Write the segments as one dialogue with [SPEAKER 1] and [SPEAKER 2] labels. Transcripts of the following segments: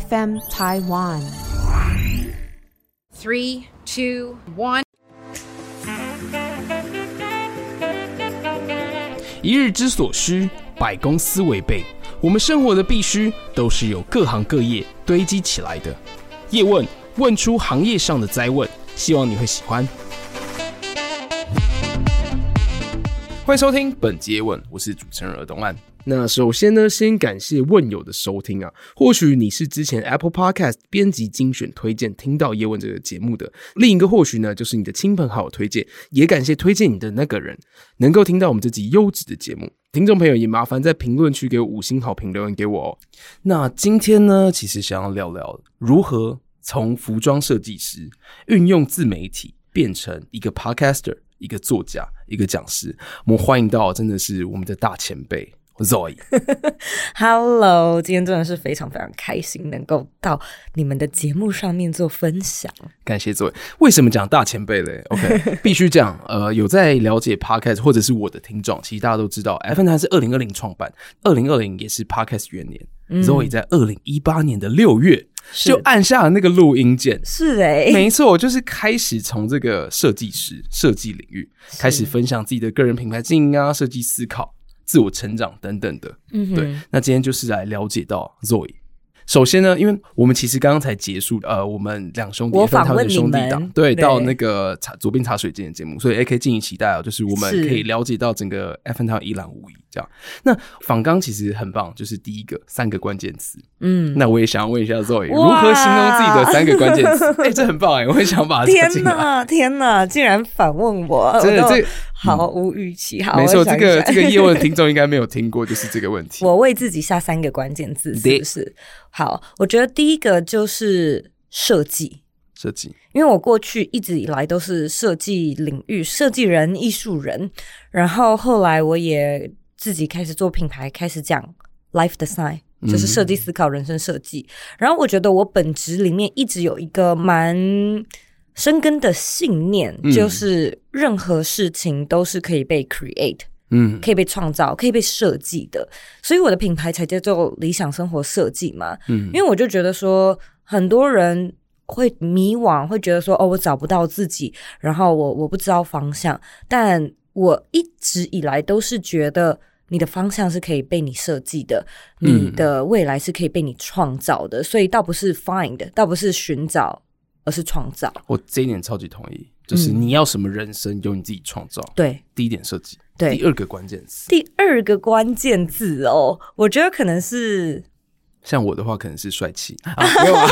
[SPEAKER 1] FM Taiwan。Three, two, one。
[SPEAKER 2] 一日之所需，百工斯為備。我們生活的必需，都是由各行各業堆積起來的。業問問出行業上的哉問，希望你會喜歡。歡迎收聽本集業問，我是主持人耳東安。那首先呢，先感謝問友的收聽啊。或許你是之前 Apple Podcast 編輯精選推薦聽到業問這個節目的，另一個或許呢，就是你的親朋好友推薦。也感謝推薦你的那個人能夠聽到我們這集優質的節目。聽眾朋友也麻煩在評論區給我五星好評，留言給我哦、喔。那今天呢，其實想要聊聊如何從服裝設計師運用自媒體變成一個 podcaster、一個作家、一個講師。我們歡迎到真的是我們的大前輩。
[SPEAKER 1] Zoey，Hello， 今天真的是非常非常開心，能夠到你們的節目上面做分享。
[SPEAKER 2] 感謝各位，為什麼講大前輩嘞？OK， 必須講。呃，有在了解 Podcast 或者是我的聽眾，其實大家都知道 FM 是二零二零創辦，二零二零也是 Podcast 元年。嗯、Zoey 在二零一八年的六月是就按下了那個錄音鍵，是哎、欸，沒錯，我就是開始從這個設計師設計領域是開始分享自己的個人品牌經營啊，設計思考。自我成長等等的，嗯、哼對。那今天就是來了解到 Zoey。首先呢，因為我們其實剛剛才結束，呃，我們兩兄弟，我們的兄弟檔，對，對到那個茶佐編茶水間的節目，所以 AK 靜也敬請期待哦，就是我們可以了解到整個 FMTaiwan 一覽無遺。那仿綱其實很棒，就是第一個三個關鍵詞。嗯，那我也想要問一下 z o 哇如何形容自己的三個關鍵詞？哎、欸，這很棒哎、欸，我很想把自己。天哪，
[SPEAKER 1] 天哪，竟然反問我，真的這毫無預期，嗯、好，想想，沒錯，這個這個業務聽眾
[SPEAKER 2] 應該沒有聽過， 就是這個問題。
[SPEAKER 1] 我為自己下三個關鍵字，是不是？對好，我覺得第一個就是設計，設計計，因為我過去一直以來都是設計領域，設計人，藝術人，然後後來我也。自己開始做品牌，開始講 life design，就是設計思考、人生設計。Mm hmm. 然後我覺得我本質裡面一直有一個蠻深根的信念，mm hmm. 就是任何事情都是可以被 create，嗯、mm，hmm. 可以被創造，可以被設計的。所以我的品牌才叫做理想生活設計嘛。嗯、mm，hmm. 因為我就覺得說，很多人會迷惘，會覺得說，哦，我找不到自己，然後我我不知道方向，但。我一直以來都是覺得你的方向是可以被你設計的，嗯、你的未來是可以被你創造的，所以倒不是 find，倒不是尋找，而是創造。
[SPEAKER 2] 我這一點超級同意，就是你要什麼人生由你自己創造。對、嗯，第一點設計，對，第二個關
[SPEAKER 1] 鍵詞。第二個關鍵字哦，我覺得可能是。像我的話，可能是帥氣、 啊，沒有啊，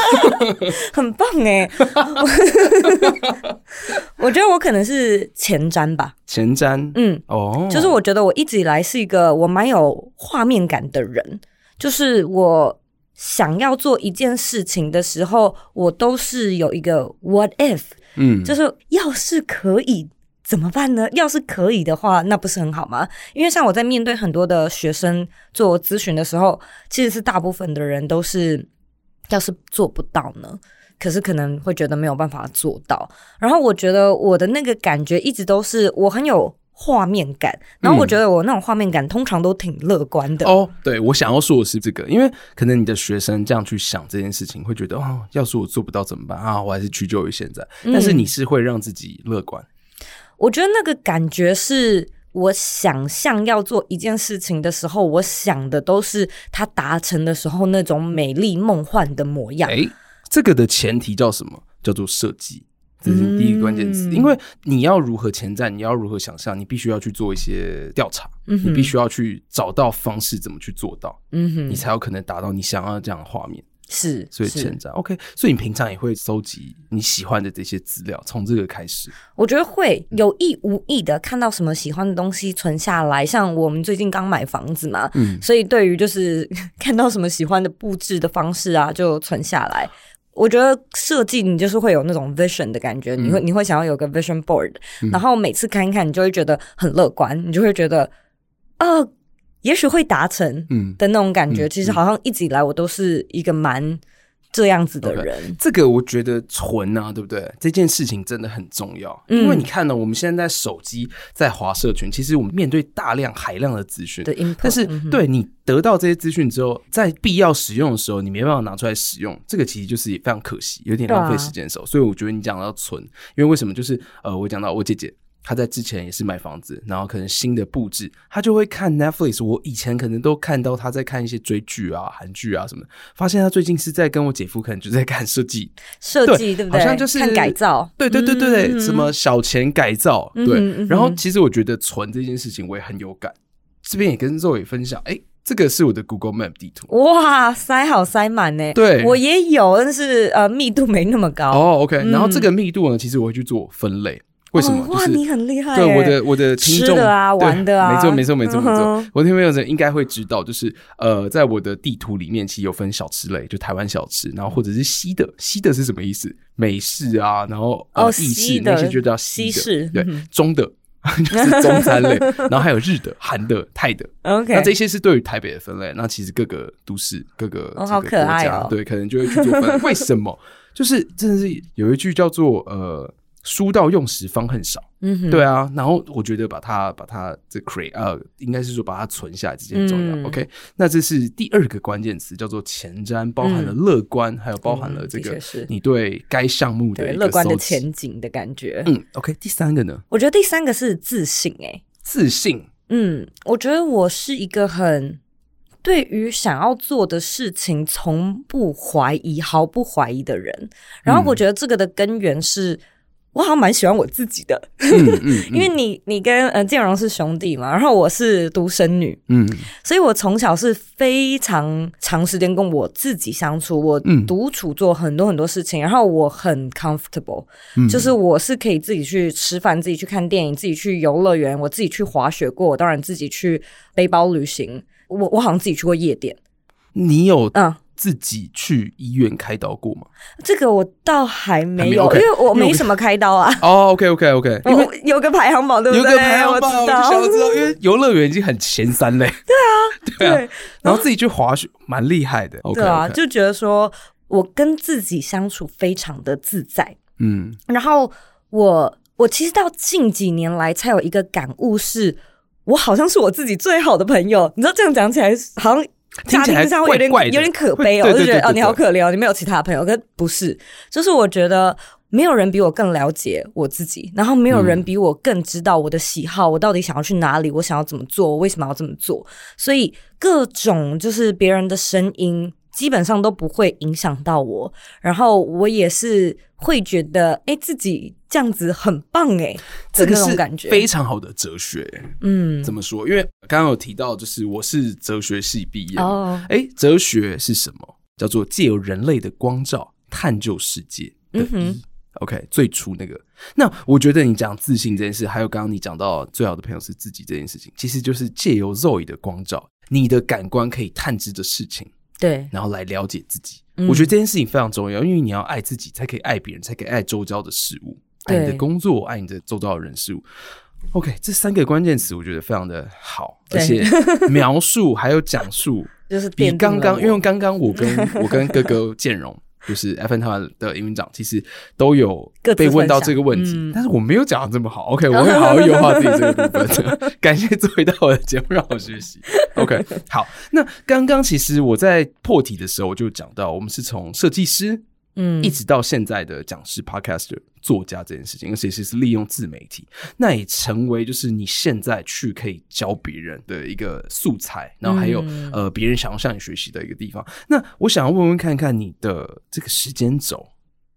[SPEAKER 1] 很棒哎、欸， 我覺得我可能是前瞻吧，前瞻，嗯，哦，就是我覺得我一直以來是一個我蠻有畫面感的人，就是我想要做一件事情的時候，我都是有一個 what if，嗯，就是要是可以。怎麼辦呢？要是可以的話，那不是很好嗎？因為像我在面對很多的學生做諮詢的時候，其實是大部分的人都是，要是做不到呢，可是可能會覺得沒有辦法做到。然後我覺得我的那個感覺一直都是我很有畫面感，嗯、然後我覺得我那種畫面感通常都挺樂觀的。哦，
[SPEAKER 2] 對我想要說的是這個，因為可能你的學生這樣去想這件事情，會覺得哦，要是我做不到怎麼辦啊？我還是屈就於現在。嗯、但是你是會讓自己樂觀。
[SPEAKER 1] 我覺得那個感覺是我想象要做一件事情的時候，我想的都是它達成的時候那種美麗夢幻的模樣。
[SPEAKER 2] 誒，這個的前提叫什麼？叫做設計，
[SPEAKER 1] 這是第一個關鍵詞。嗯，因為
[SPEAKER 2] 你要如何前瞻，你要如何想象，你必須要去做一些調查，嗯哼，你必須要去找到方式怎麼去做到，嗯哼，你才有可能達到你想要的這樣的畫面。是，所以現在。是 OK，所以你平常也會收集你喜歡的這些資料，從這個開始，
[SPEAKER 1] 我覺得會有意無意的看到什麼喜歡的東西存下來。嗯、像我們最近剛買房子嘛，嗯，所以對於就是看到什麼喜歡的布置的方式啊，就存下來。嗯、我覺得設計你就是會有那種 vision 的感覺，嗯、你會你會想要有個 vision board，、嗯、然後每次看一看你就會覺得很樂觀，你就會覺得呃。也許會達成的，那種感覺，嗯、其實好像一直以來我都是一個蠻這樣子的人。Okay,
[SPEAKER 2] 這個我覺得存啊，對不對？這件事情真的很重要，嗯、因為你看呢，我們現在，在手機在滑社群，其實我們面對大量海量的資訊，the input, 但是、嗯、哼對你得到這些資訊之後，在必要使用的時候，你沒辦法拿出來使用，這個其實就是也非常可惜，有點浪費時間的時候。啊、所以我覺得你講到存，因為為什麼？就是呃，我講到我姐姐。他在之前也是買房子，然後可能新的布置，他就會看 Netflix。我以前可能都看到他在看一些追劇啊、韓劇啊什麼的。發現他最近是在跟我姐夫，可能就在看設計，設計，對，對不對？好像就是看改造，對，對對對對對，嗯哼，什麼小錢改造，嗯哼，對。嗯哼，然後其實我覺得存這件事情我也很有感，這邊也跟 Zoey 分享。哎，這個是我的 Google Map 地圖，
[SPEAKER 1] 哇，塞好塞滿呢。對，我也有，但是呃，密度沒那麼高。哦、oh，OK。然後這個
[SPEAKER 2] 密度呢，其實我會去做分類。為什麼？哇，你很厲害！對我的我的聽眾，吃的啊，玩的啊，沒錯沒錯沒錯沒錯。我聽朋友人應該會知道，就是呃，在我的地圖裡面，其實有分小吃類，就台灣小吃，然後或者是西的西的是什麼意思？美式啊，然後呃意式那些就叫西式，對中的就是中餐類，然後還有日的、韓的、泰的。OK，那這些是對於台北的分類。那其實各個都市各個國家，對可能就會去做分。為什麼？就是真的是有一句叫做呃。書到用時方恨少，嗯哼，對啊。然後我覺得把它把它這 create 啊，應該是說把它存下來，這件重要。嗯、OK，那這是第二個關鍵詞，叫做前瞻，包含了樂觀，嗯、還有包含了這個你對該項目的一個樂觀的前
[SPEAKER 1] 景的感覺。嗯，OK，第三個呢？我覺得第三個是自信、欸，哎，自信。嗯，我覺得我是一個很對於想要做的事情從不懷疑、毫不懷疑的人。然後我覺得這個的根源是。我好像蠻喜歡我自己的，嗯，嗯， 因為你你跟呃建榮是兄弟嘛，然後我是獨生女，嗯，所以我從小是非常長時間跟我自己相處，我獨處做很多很多事情，然後我很 comfortable，嗯，就是我是可以自己去吃飯，自己去看電影，自己去遊樂園，我自己去滑雪過，我當然自己去背包旅行，我我好像自己去過夜店，
[SPEAKER 2] 你有嗯。自己去醫院開刀過嗎？
[SPEAKER 1] 這個我倒還沒有，因為我沒什麼開刀啊。
[SPEAKER 2] 哦，OK，OK，OK，有個排行榜，對不
[SPEAKER 1] 對？有個排行榜，我知道，因為
[SPEAKER 2] 遊樂園已經很前三嘞。
[SPEAKER 1] 對啊，對啊。然後自己
[SPEAKER 2] 去滑雪，蠻厲害的。對啊，就
[SPEAKER 1] 覺得說，我跟自己相處非常的自在。嗯，然後我我其實到近幾年來，才有一個感悟，是我好像是我自己最好的朋友。你知道，這樣講起來好像。怪怪家庭上會有點有點可悲哦、喔，我就覺得哦，你好可憐，哦，你沒有其他朋友。可是不是，就是我覺得沒有人比我更了解我自己，然後沒有人比我更知道我的喜好，嗯、我到底想要去哪裡，我想要怎麼做，我為什麼要這麼做？所以各種就是別人的聲音基本上都不會影響到我，然後我也是會覺得哎、欸、自己。這樣子很棒哎，這個是感覺是非常
[SPEAKER 2] 好的哲學。嗯，怎麼說？因為剛剛有提到，就是我是哲學系畢業哦。哎、欸，哲學是什麼？叫做借由人類的光照，探究世界、e、嗯哼 OK，最初那個。那我覺得你講自信這件事，還有剛剛你講到最好的朋友是自己這件事情，其實就是借由 Zoey 的光照，你的感官可以探知的事情，對，然後來了解自己。嗯、我覺得這件事情非常重要，因為你要愛自己，才可以愛別人，才可以愛周遭的事物。愛你的工作，對愛你的周遭的人事物。OK，這三個關鍵詞我覺得非常的好，對而且描述還有講述， 就
[SPEAKER 1] 是比剛剛因
[SPEAKER 2] 為剛剛我跟我跟哥哥建榮， 就是 f n 他們的營運長，其實都有被問到這個問題，嗯、但是我沒有講的這麼好。OK，我會好好優化自己這個部分。 感謝佐依到我的節目讓我學習。 OK，好，那剛剛其實我在破題的時候就講到，我們是從設計師，嗯，一直到現在的講師 Podcaster。作家這件事情，尤其是是利用自媒體，那也成為就是你現在去可以教別人的一個素材，然後還有、嗯、呃別人想要向你學習的一個地方。那我想要問問看看你的這個時間軸，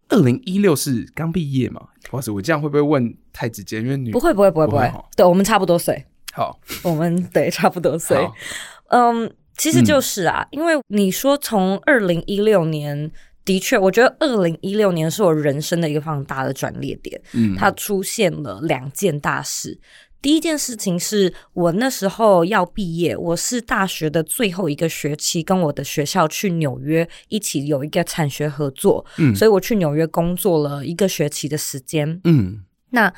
[SPEAKER 2] 二零一六是剛畢業嘛？哇塞，我這樣會不會問太直接？因為你不會不會不會不會，不會不會
[SPEAKER 1] 對我們差不多歲。好，我們對差不多歲。嗯好，um, 其實就是啊，嗯、因為你說從二零一六年。的確，我覺得二零一六年是我人生的一個非常大的轉捩點。嗯，它出現了兩件大事。第一件事情是我那時候要畢業，我是大學的最後一個學期，跟我的學校去紐約一起有一個產學合作。嗯，所以我去紐約工作了一個學期的時間。嗯。那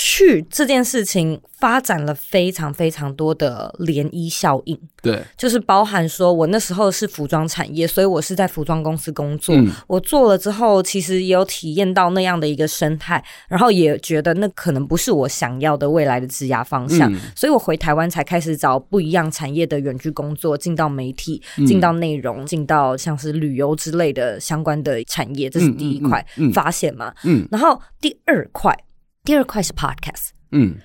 [SPEAKER 1] 去這件事情發展了非常非常多的漣漪效應，對，就是包含說我那時候是服裝產業，所以我是在服裝公司工作，嗯、我做了之後，其實也有體驗到那樣的一個生態，然後也覺得那可能不是我想要的未來的職涯方向，嗯、所以我回台灣才開始找不一樣產業的遠距工作，進到媒體，進到內容，嗯、進到像是旅遊之類的相關的產業，這是第一塊發現嘛，嗯，嗯嗯，然後第二塊。第二塊是 podcast。嗯，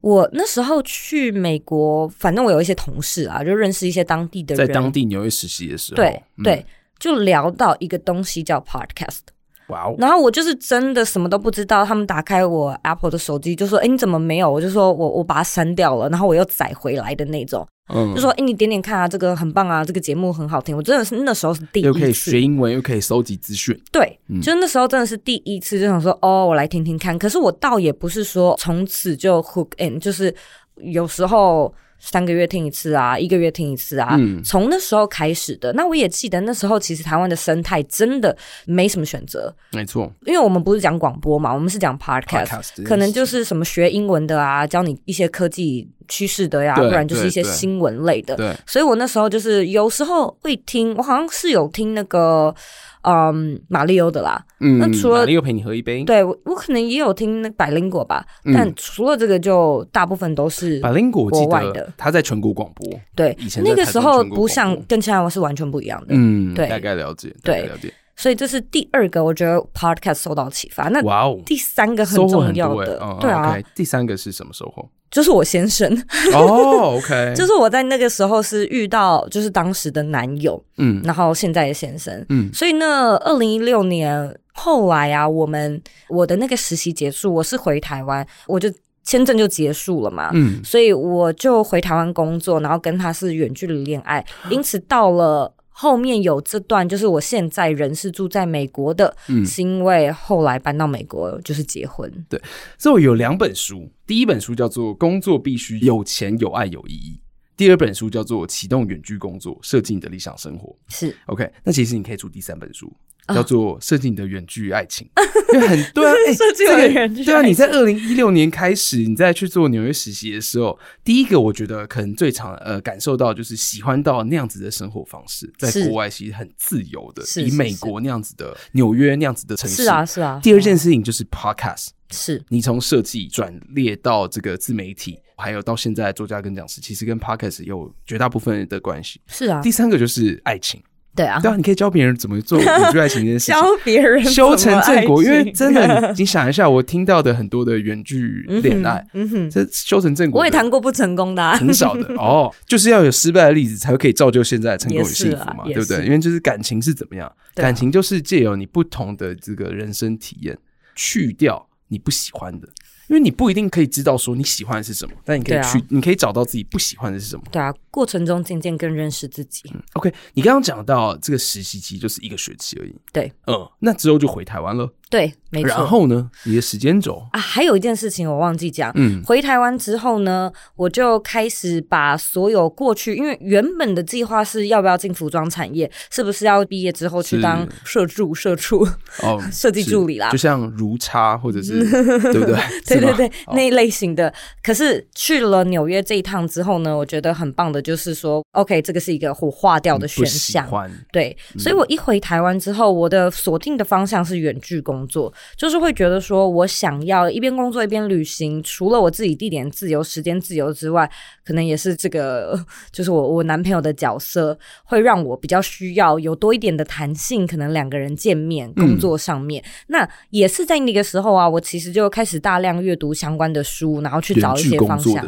[SPEAKER 1] 我那時候去美國，反正我有一些同事啊，就認識一些當地的人，在當
[SPEAKER 2] 地紐約實習的時候，對對，對
[SPEAKER 1] 嗯、就聊到一個東西叫 podcast Wow。哇哦！然後我就是真的什麼都不知道，他們打開我 Apple 的手機就說：“哎、欸，你怎麼沒有？”我就說我：“我我把它刪掉了。”然後我又載回來的那種。 就說，哎、欸，你點點看啊，這個很棒啊，這個節目很好聽。我真的是那時候是第一次，又可以學
[SPEAKER 2] 英文，又可以收集資訊。
[SPEAKER 1] 對，嗯、就那時候真的是第一次，就想說，哦，我來聽聽看。可是我倒也不是說從此就 hook in，就是有時候。三個月聽一次啊，一個月聽一次啊，嗯、從那時候開始的。那我也記得那時候，其實台灣的生態真的沒什麼選擇，
[SPEAKER 2] 沒錯，
[SPEAKER 1] 因為我們不是講廣播嘛，我們是講 podcast, Podcast，可能就是什麼學英文的啊，是教你一些科技趨勢的呀、啊，對不然就是一些新聞類的。對，對對，所以我那時候就是有時候會聽，我好像是有聽那個。嗯，馬力歐的啦，那、嗯、除了馬力歐
[SPEAKER 2] 陪你喝一杯，對
[SPEAKER 1] 我我可能也有聽那百靈果吧，嗯、但除了這個，就大部分都是百靈果之外的，
[SPEAKER 2] 他在全國廣播，對，以前那個時候不
[SPEAKER 1] 像跟其他人是完全不一樣的，嗯，對大，大概了解，對。了解。所以這是第二個，我覺得 podcast 受到啟發。那第三個很重要的
[SPEAKER 2] ，wow, 欸 oh, 對啊，okay. 第三個是什麼時候？
[SPEAKER 1] 就是我先生
[SPEAKER 2] 哦、 oh,，OK，就是
[SPEAKER 1] 我在那個時候是遇到，就是當時的男友，嗯，然後現在的先生，嗯，所以呢，二零一六年後來啊，我們我的那個實習結束，我是回台灣，我就簽證就結束了嘛，嗯，所以我就回台灣工作，然後跟他是遠距離戀愛，因此到了。後面有這段，就是我現在人是住在美國的，嗯、是因為後來搬到美國，就是結婚。對，
[SPEAKER 2] 所以我有兩本書，第一本書叫做《工作必須有錢、有愛、有意義》，第二本書叫做《啟動遠距工作，設計你的理想生活》是。是 OK，那其實你可以出第三本書。叫做設計你的遠距愛情，就很對啊，設計你的遠距對啊。你在二零一六年開始，你在去做紐約實習的時候，第一個我覺得可能最常呃感受到就是喜歡到那樣子的生活方式，在國外其實很自由的，以美國那樣子的紐約那樣子的城市啊是啊。第二件事情就是 Podcast，是你從設計轉列到這個自媒體，還有到現在作家跟講師，其實跟 Podcast 有絕大部分的關係。是啊。第三個就是愛情。對啊，對啊，你可以教別人怎麼做遠距愛情這件事情，
[SPEAKER 1] 教別人修成正果。因為真的，你
[SPEAKER 2] 想一下，我聽到的很多的遠距戀愛 嗯，嗯哼，這修成正果，我
[SPEAKER 1] 也談過不成功的，啊，很少的 哦。
[SPEAKER 2] 就是要有失敗的例子，才可以造就現在成功與幸福嘛，啊，對不對？是因為就是感情是怎麼樣，感情就是借由你不同的這個人生體驗，去掉你不喜歡的。因為你不一定可以知道說你喜歡的是什麼，但你可以去，啊，你可以找到自己不喜歡的是什
[SPEAKER 1] 麼。對啊，過程中漸漸更認識自己，嗯。
[SPEAKER 2] OK，你剛剛講到這個實習期就是一個學期而已。對，嗯，那之後就回台灣了。
[SPEAKER 1] 對，沒錯。然後
[SPEAKER 2] 呢？你的時間軸
[SPEAKER 1] 啊，還有一件事情我忘記講。嗯。回台灣之後呢，我就開始把所有過去，因為原本的計劃是要不要進服裝產業，是不是要畢業之後去當社助、社畜。
[SPEAKER 2] 哦。設計助理啦？就像如差或者是
[SPEAKER 1] 對不對？對對對，那一類型的。可是去了紐約這一趟之後呢，我覺得很棒的就是說，OK，這個是一個火化掉的選項。對，所以我一回台灣之後，我的鎖定的方向是遠距工作。工作就是會覺得說我想要一邊工作一邊旅行，除了我自己地點自由、時間自由之外，可能也是這個，就是我我男朋友的角色會讓我比較需要有多一點的彈性，可能兩個人見面、工作上面，嗯、那也是在那個時候啊，我其實就開始大量閱讀相關的書，然後去找一些方向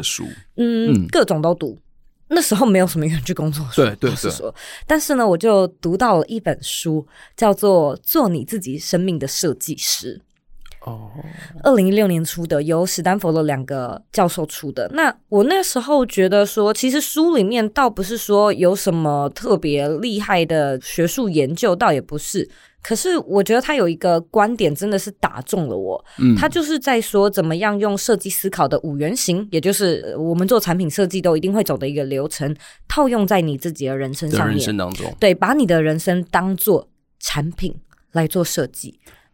[SPEAKER 1] 嗯，嗯各種都讀。那時候沒有什麼遠距工作室，就是說，但是呢，我就讀到了一本書，叫做《做你自己生命的設計師》。哦，二零一六年出的，由史丹佛的兩個教授出的。那我那時候覺得說，其實書裡面倒不是說有什麼特別厲害的學術研究，倒也不是。可是我覺得他有一個觀點真的是打中了我，嗯，他就是在說怎麼樣用設計思考的五原型，也就是我們做產品設計都一定會走的一個流程，套用在你自己的人生上面，人生當中，對，把你的人生當做產品來做設計。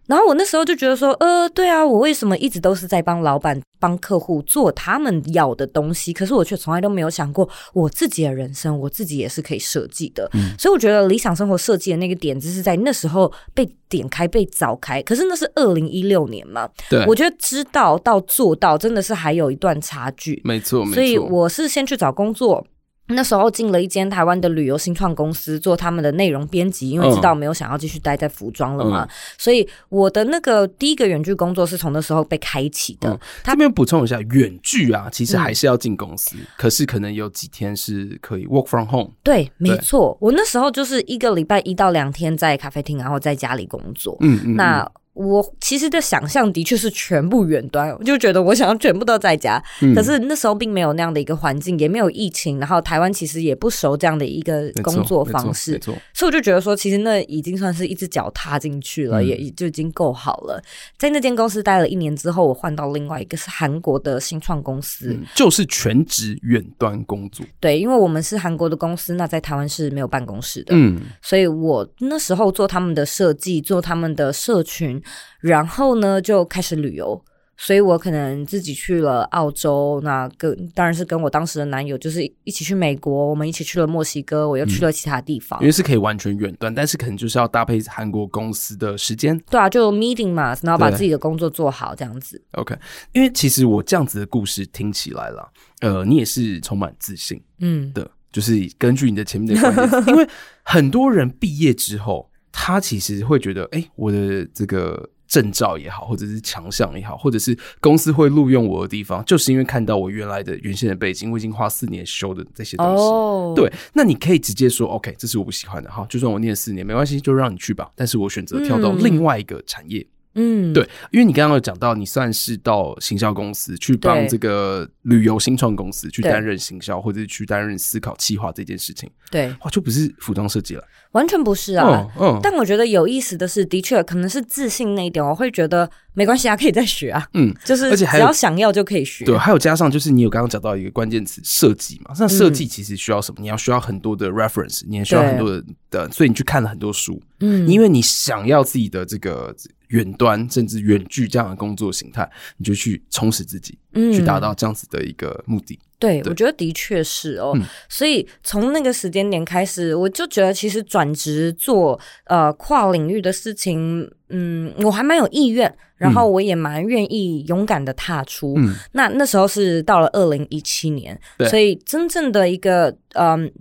[SPEAKER 1] 然後我那時候就覺得說，呃，對啊，我為什麼一直都是在幫老板、幫客戶做他們要的東西？可是我卻從來都沒有想過，我自己的人生，我自己也是可以設計的。嗯、所以我覺得理想生活設計的那個點子是在那時候被點開、被鑿開。可是那是二零一六年嘛，對我覺得知道到做到真的是還有一段差距。
[SPEAKER 2] 沒錯，沒錯。所以我
[SPEAKER 1] 是先去找工作。那時候進了一間台灣的旅遊新創公司做他們的內容編輯，因為知道沒有想要繼續待在服裝了嘛，嗯、所以我的那個第一個遠距工作是從那時候被開啟的。嗯、
[SPEAKER 2] 他們有補充一下，遠距啊，其實還是要進公司，嗯、可是可能有幾天是可以 work from home。對，
[SPEAKER 1] 對沒錯，我那時候就是一個禮拜一到兩天在咖啡廳，然後在家裡工作。嗯，嗯嗯，那。我其實的想象的確是全部遠端，就覺得我想要全部都在家。嗯、可是那時候並沒有那樣的一個環境，也沒有疫情，然後台灣其實也不熟這樣的一個工作方式，沒錯，所以我就覺得說，其實那已經算是一隻腳踏進去了，嗯、也就已經夠好了。在那間公司待了一年之後，我換到另外一個是韓國的新創公司，嗯、
[SPEAKER 2] 就是全職遠端工作。
[SPEAKER 1] 對，因為我們是韓國的公司，那在台灣是沒有辦公室的。嗯。所以我那時候做他們的設計，做他們的社群。然後呢，就開始旅遊。所以，我可能自己去了澳洲，那跟、個、當然是跟我當時的男友，就是一起去美國，我們一起去了墨西哥，我又去了其他地方、嗯。因為
[SPEAKER 2] 是可以完全遠端，但是可能就是要搭配韓國公司的時間。
[SPEAKER 1] 對啊，就 meeting 嘛，然後把自己的工作做好，對這樣子。
[SPEAKER 2] OK，因為其實我這樣子的故事聽起來了，呃，你也是充滿自信，嗯的，嗯就是根據你的前面的關， 因為很多人畢業之後。他其實會覺得，哎、欸，我的這個證照也好，或者是強項也好，或者是公司會錄用我的地方，就是因為看到我原來的、原先的背景，我已經花四年修的這些東西。哦，oh. 對，那你可以直接說，OK，這是我不喜歡的哈，就算我念四年，沒關係，就讓你去吧。但是我選擇跳到另外一個產業。嗯嗯，對，因為你剛剛有講到，你算是到行銷公司去幫這個旅遊新創公司去擔任行銷，對或者是去擔任思考企劃這件事情。對，哇，就不是服裝設計了，
[SPEAKER 1] 完全不是啊。嗯、哦，哦、但我覺得有意思的是，的確可能是自信那一點，我會覺得沒關係啊，可以再學啊。嗯，就是而且只要想要就可以學。對，還
[SPEAKER 2] 有加上就是你有剛剛講到一個關鍵詞，設計嘛，那設計其實需要什麼？你要需要很多的 reference，你也需要很多的、的，對所以你去看了很多書。嗯，因為你想要自己的這個。遠端甚至遠距這樣的工作形態，你就去充實自己，嗯，去達到這樣子的一個目的。
[SPEAKER 1] 對，對我覺得的確是哦。嗯，所以從那個時間點開始，我就覺得其實轉職做呃跨領域的事情，嗯，我還蠻有意願，然後我也蠻願意勇敢的踏出。嗯，那那時候是到了二零一七年，對，所以真正的一個嗯。呃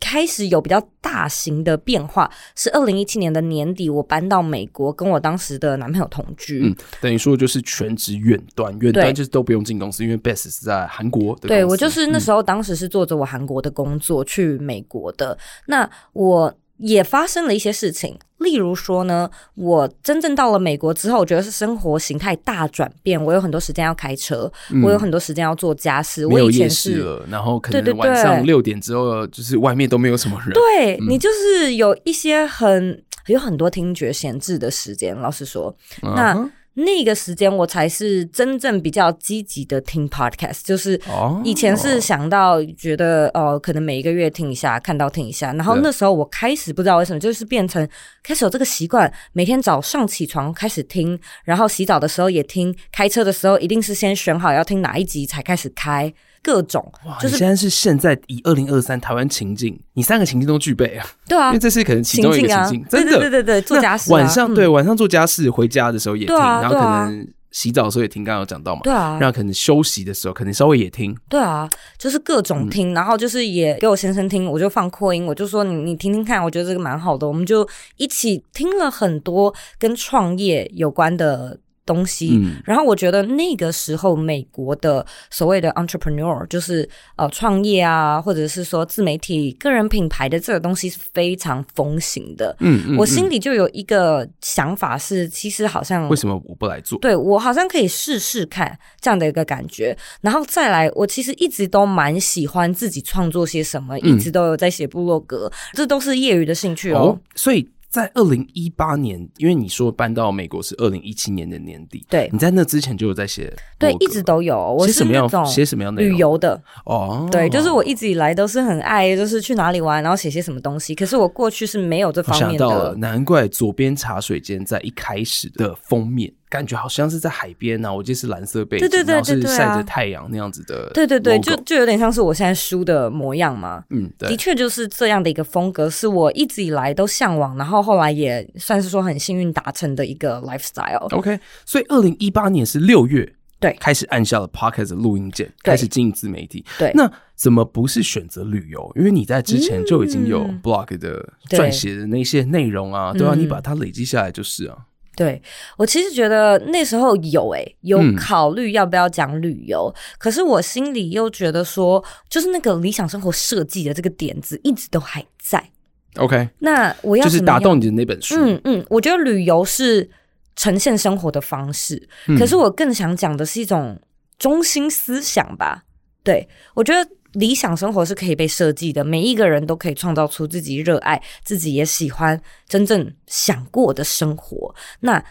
[SPEAKER 1] 開始有比較大型的變化，是二零一七年的年底，我搬到美國，跟我當時的男朋友同居。嗯，
[SPEAKER 2] 等於說就是全職遠端，遠端就是都不用進公司，對因為 Best 是在韓國。對，我就是那時
[SPEAKER 1] 候，當時是做着我韓國的工作去美國的。嗯，那我。也發生了一些事情，例如說呢，我真正到了美國之後，我覺得是生活形態大轉變。我有很多時間要開車，嗯、我有很多時間要做家事，沒有夜市了，我以
[SPEAKER 2] 前是，然後可能對對對，晚上六點之後就是外面都沒有什麼人，對、嗯、你就
[SPEAKER 1] 是有一些很有很多聽覺閒置的時間。老實說，那。Uh huh. 那個時間我才是真正比較積極的聽 podcast，就是以前是想到覺得哦、oh. 呃，可能每一個月聽一下，看到聽一下，然後那時候我開始不知道為什麼，Yeah. 就是變成開始有這個習慣，每天早上起床開始聽，然後洗澡的時候也聽，開車的時候一定是先選好要聽哪一集才開始開。各種哇！你現在
[SPEAKER 2] 是現在以二零二三台灣情境，你三個情境都具備啊。對啊，因為這是可能其中一個情境，真的對對對
[SPEAKER 1] 對對。做家事，晚上
[SPEAKER 2] 對，晚上做家事，回家的時候也聽，然後可能洗澡的時候也聽。剛剛有講到嘛？對啊，然後可能休息的時候，可能稍微也聽。
[SPEAKER 1] 對啊，就是各種聽，然後就是也給我先生聽，我就放擴音，我就說你你聽聽看，我覺得這個蠻好的，我們就一起聽了很多跟創業有關的東西，然後我覺得那個時候美國的所謂的 entrepreneur 就是呃創業啊，或者是說自媒體個人品牌的這個東西是非常風行的。嗯嗯，嗯我心裡就有一個想法是，其實好像為什麼我不來做？對我好像可以試試看這樣的一個感覺，然後再來。我其實一直都蠻喜歡自己創作些什麼，嗯、一直都有在寫部落格，這都是業餘的興趣哦。Oh,
[SPEAKER 2] 所以。在二零一八年，因為你說搬到美國是二零一七年的年底。對，你在那之前就有在寫？
[SPEAKER 1] 對，一直都有。我寫什麼樣的？寫什麼樣的？旅遊的
[SPEAKER 2] 哦，對，就是
[SPEAKER 1] 我一直以來都是很愛，就是去哪裡玩，然後寫些什麼東西。可是我過去是沒有這方面的，想到
[SPEAKER 2] 了，難怪佐編茶水間在一開始的封面。感覺好像是在海邊呢、啊，我就是藍色被子，然後是曬着太陽那樣子的。對，對對對，就
[SPEAKER 1] 就有點像是我現在書的模樣嘛。嗯，對的確就是這樣的一個風格，是我一直以來都向往，然後後來也算是說很幸運達成的一個 lifestyle。OK，
[SPEAKER 2] 所以二零一八年是六月，對，開始按下了 podcast 的錄音鍵，對開始經營自媒體。對，那怎麼不是選擇旅遊？因為你在之前就已經有 blog 的、嗯、撰寫的那些內容啊，對，對啊，嗯、你把它累積下來就是啊。
[SPEAKER 1] 對，我其實覺得那時候有誒、欸，有考慮要不要講旅遊，嗯、可是我心裡又覺得說，就是那個理想生活設計的這個點子一直都還在。
[SPEAKER 2] OK，那我要是打動你的那本書。嗯
[SPEAKER 1] 嗯，我覺得旅遊是呈現生活的方式，嗯、可是我更想講的是一種中心思想吧。對，我覺得。理想生活是可以被設計的，每一個人都可以創造出自己熱愛、自己也喜歡、真正想過的生活。那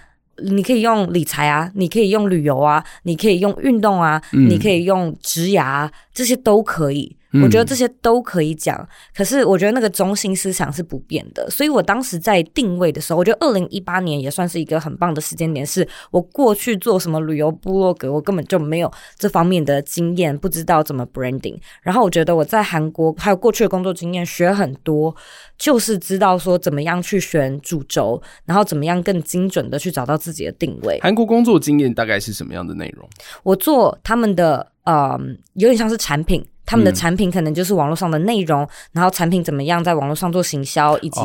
[SPEAKER 1] 你可以用理財啊，你可以用旅遊啊，你可以用運動啊，嗯、你可以用職涯啊，這些都可以。我覺得這些都可以講，嗯、可是我覺得那個中心思想是不變的。所以我當時在定位的時候，我覺得二零一八年也算是一個很棒的時間點。是我過去做什麼旅遊部落格，我根本就沒有這方面的經驗，不知道怎麼 branding。然後我覺得我在韓國還有過去的工作經驗學很多，就是知道說怎麼樣去選主軸，然後怎麼樣更精準的去找到自己的定位。韓國工作經驗大概是什麼樣的內容？我做他們的嗯、呃，有點像是產品。他們的產品可能就是網絡上的內容，嗯、然後產品怎麼樣在網絡上做行銷，以及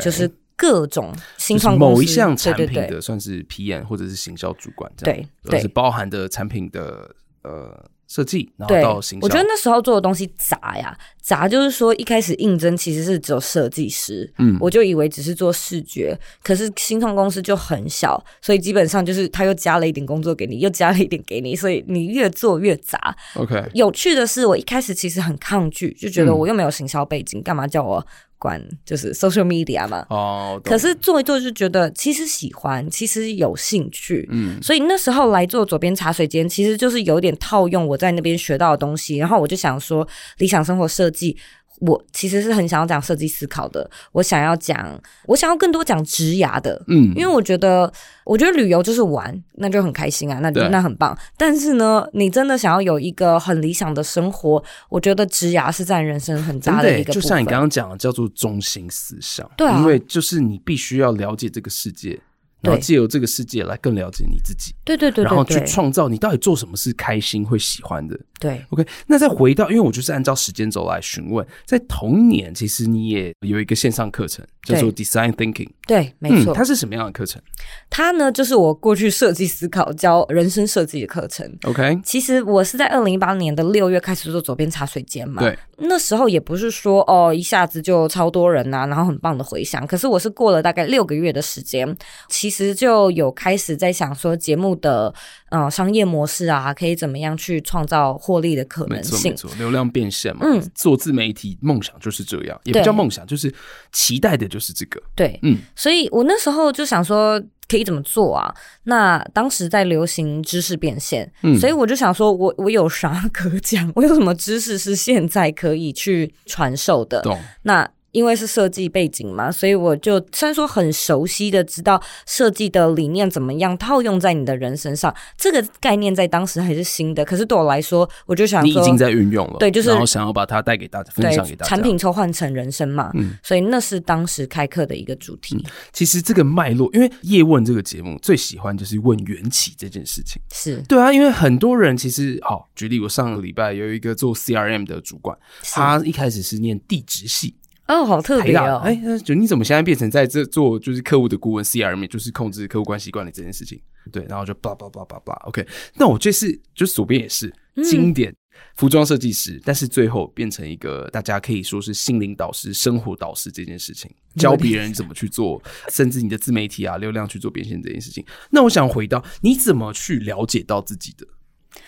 [SPEAKER 1] 就是各種新創、嗯就是，某一項產品的
[SPEAKER 2] 算是 PM 或者是行銷主管這樣，對，對，對，就是包含的產品的呃。設計，然後到行銷。對，我覺得那
[SPEAKER 1] 時候做的東西雜呀，雜就是說一開始應徵其實是只有設計師，嗯，我就以為只是做視覺，可是新創公司就很小，所以基本上就是他又加了一點工作給你，又加了一點給你，所以你越做越雜。OK，有趣的是，我一開始其實很抗拒，就覺得我又沒有行銷背景，嗯、幹嘛叫我？關就是 social media 嘛。哦，oh, I 可是做一做就覺得其實喜歡，其實有興趣，嗯，mm. 所以那時候來做佐編茶水間，其實就是有點套用我在那邊學到的東西，然後我就想說理想生活設計。我其實是很想要講設計思考的，我想要講，我想要更多講職涯的，嗯，因為我覺得，我覺得旅遊就是玩，那就很開心啊，那就對那很棒。但是呢，你真的想要有一個很理想的生活，我覺得職涯是在人生很大的一個部分、欸、就像你剛剛
[SPEAKER 2] 講的，叫做中心思想，對、啊，因為就是你必須要了解這個世界，對然後借由這個世界來更了解你自己，對
[SPEAKER 1] 對對,對對對，然後去創
[SPEAKER 2] 造你到底做什麼是開心會喜歡的。對，OK。那再回到，因為我就是按照時間軸來詢問，在同年其實你也有一個線上課程叫做 Design Thinking 對。對，沒錯，嗯。它是什麼樣的課程？
[SPEAKER 1] 它呢，就是我過去設計思考教人生設計的課程。OK。其實我是在二零一八年的六月開始做佐編茶水間嘛。對。那時候也不是說哦，一下子就超多人吶，啊，然後很棒的回響。可是我是過了大概六個月的時間，其實就有開始在想說節目的。嗯、呃，商業模式啊，可以怎麼樣去創造獲利的可能性？沒錯，沒
[SPEAKER 2] 錯，流量變現嘛。嗯，做自媒體夢想就是這樣，對也不叫夢想，就是期待的就是這個。對，嗯，
[SPEAKER 1] 所以我那時候就想說，可以怎麼做啊？那當時在流行知識變現，嗯，所以我就想說我，我我有啥可講？我有什麼知識是現在可以去傳授的？對懂，那。因為是設計背景嘛，所以我就雖然說很熟悉的知道設計的理念怎麼樣套用在你的人身上，這個概念在當時還是新的。可是對我來說，我就想你已經在
[SPEAKER 2] 運用了，對，就是然後想要把它帶給大家，對分享給大家。產品
[SPEAKER 1] 抽換成人生嘛，嗯、所以那是當時開課的一個主題。嗯、
[SPEAKER 2] 其實這個脈絡，因為業問這個節目最喜歡就是問緣起這件事情，是對啊，因為很多人其實好、哦、舉例，我上個禮拜有一個做 CRM 的主管，他一開始是念地質系。
[SPEAKER 1] 哦，好特別哦！哎、欸欸，
[SPEAKER 2] 就你怎麼現在變成在這做就是客戶的顧問，CRM 就是控制客戶關係管理這件事情。對，然後就叭叭叭叭叭，OK。那我這、就、次、是、就佐編也是經典服裝設計師，嗯、但是最後變成一個大家可以說是心靈導師、生活導師這件事情，教別人怎麼去做， 甚至你的自媒體啊、流量去做變現這件事情。那我想回到，你怎麼去了解到自己的？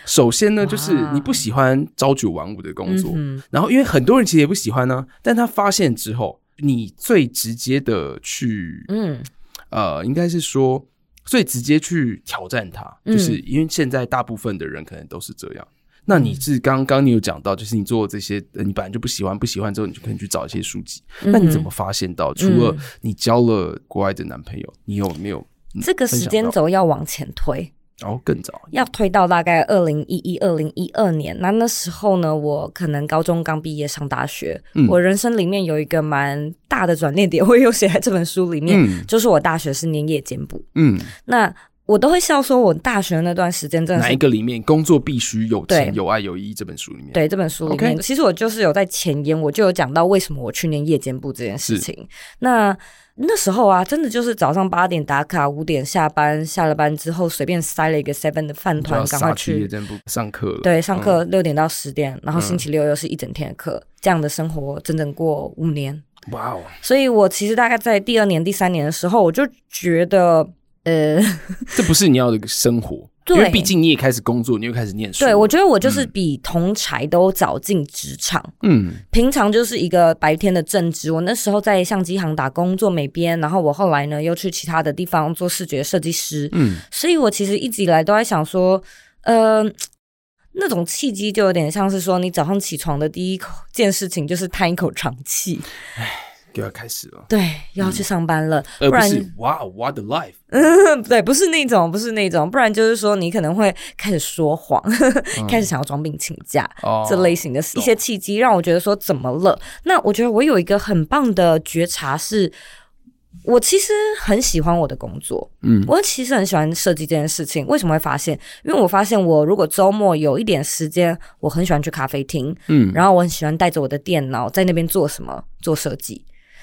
[SPEAKER 2] 首先呢，啊、就是你不喜歡朝九晚五的工作，嗯、哼然後因為很多人其實也不喜歡呢、啊。但他發現之後，你最直接的去，嗯，呃，應該是說最直接去挑戰他，嗯、就是因為現在大部分的人可能都是這樣。嗯、那你是剛剛你有講到，就是你做這些，嗯、你本來就不喜歡，不喜歡之後，你就可以去找一些書籍。嗯、哼那你怎麼發現到？嗯、除了你交了國外的男朋友，你有沒有這個時間軸
[SPEAKER 1] 要往前推？
[SPEAKER 2] 然後、哦，更早
[SPEAKER 1] 要推到大概二零一一、二零一二年。那那時候呢，我可能高中剛畢業上大學，嗯、我人生裡面有一個蠻大的轉捩點，我也有寫在這本書裡面。嗯、就是我大學是念《夜間部》。嗯，那我都會笑說，我大學那段時間，哪一
[SPEAKER 2] 個裡面工作必須有錢對有愛有意義？這本書裡面，
[SPEAKER 1] 對，這本書裡面，其實我就是有在前言，我就有講到為什麼我去念夜間部這件事情。是那那時候啊，真的就是早上八點打卡，五點下班，下了班之後隨便塞了一個 seven 的飯糰，趕快去
[SPEAKER 2] 上課了。對，上課六點到十點，嗯、然後星期
[SPEAKER 1] 六又是一整天的課，嗯、這樣的生活整整過五年。哇 Wow，所以我其實大概在第二年、第三年的時候，我就覺得，
[SPEAKER 2] 呃，這不是你要的生活。 對，因為畢竟你也開始工作，你又開始念書。對，我
[SPEAKER 1] 覺得我就是比同儕都早進職場。嗯，平常就是一個白天的正職。我那時候在相機行打工做美編，然後我後來呢又去其他的地方做視覺設計師。嗯，所以我其實一直以來都在想說，呃，那種契機就有點像是說，你早上起床的第一件事情就是嘆一口長氣。
[SPEAKER 2] 哎。又要開始了，對，又要去上班了，嗯、不是不然 wow, what life，、
[SPEAKER 1] 嗯、對，不是那種，不是那種，不然就是說你可能會開始說謊，嗯、 開始想要裝病請假，哦、這類型的一些契機，讓我覺得說怎麼了？哦、那我覺得我有一個很棒的覺察是，是我其實很喜歡我的工作，嗯，我其實很喜歡設計這件事情。為什麼會發現？因為我發現我如果周末有一點時間，我很喜歡去咖啡廳，嗯，然後我很喜歡帶着我的電腦在那邊做什麼，做設計。